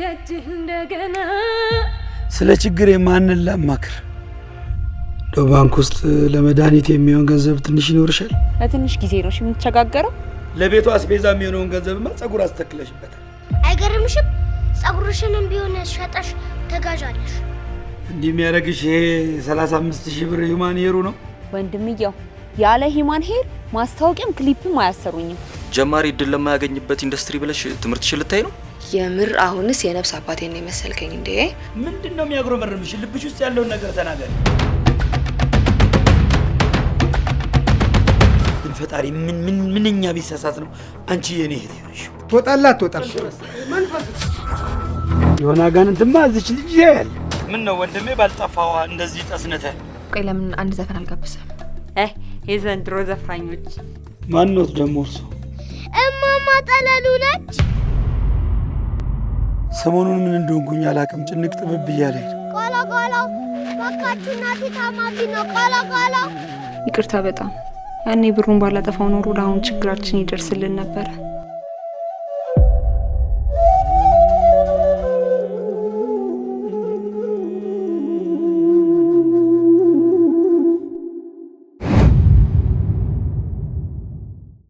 ደጅ እንደገና ስለ ችግር የማንን ላማክር? ዶ ባንክ ውስጥ ለመድኃኒት የሚሆን ገንዘብ ትንሽ ይኖርሻል። ለትንሽ ጊዜ ነው የምትቸጋገረው። ለቤቷ አስቤዛ የሚሆነውን ገንዘብማ ጸጉር አስተክለሽበታል። አይገርምሽም? ጸጉርሽንም ቢሆን ሸጠሽ ተጋዣለሽ። እንዲህ የሚያደርግሽ ይሄ 35 ሺህ ብር ሂማን ሄሩ ነው ወንድምየው። ያለ ሂማን ሄር ማስታወቂያም ክሊፕም አያሰሩኝም። ጀማሪ እድል ለማያገኝበት ኢንዱስትሪ ብለሽ ትምህርትሽን ልታይ ነው? የምር አሁንስ የነፍስ አባቴን ነው የመሰልከኝ። እንዴ ምንድን ነው የሚያጉረመርምሽ? ልብሽ ውስጥ ያለውን ነገር ተናገር። ግን ፈጣሪ ምን ምን ምንኛ ቢሳሳት ነው አንቺ የኔ እህት ነሽ። ትወጣላ ትወጣል። የሆነ አጋንንትማ እዚች ልጅ ያያል። ምን ነው ወንድሜ ባልጠፋዋ እንደዚህ ጠስነተ። ቆይ ለምን አንድ ዘፈን አልጋብሰም? ይህ የዘንድሮ ዘፋኞች ማንኖት ደግሞ እርሶ እማማ ጠለሉ ነች። ሰሞኑን ምን እንደሆንኩኝ አላቅም። ጭንቅ ጥብብ እያለ ቆሎ ቆሎ፣ እባካችሁ እናቴ ታማሚ ነው። ቆሎ ቆሎ፣ ይቅርታ በጣም ያኔ ብሩን ባላጠፋው ኖሮ ለአሁን ችግራችን ይደርስልን ነበረ።